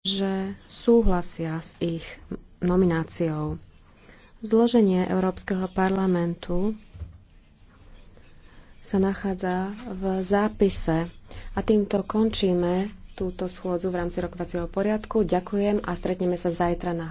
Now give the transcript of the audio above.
že súhlasia s ich nomináciou. Zloženie Európskeho parlamentu sa nachádza v zápise a týmto končíme túto schôdzu v rámci rokovacieho poriadku. Ďakujem a stretneme sa zajtra na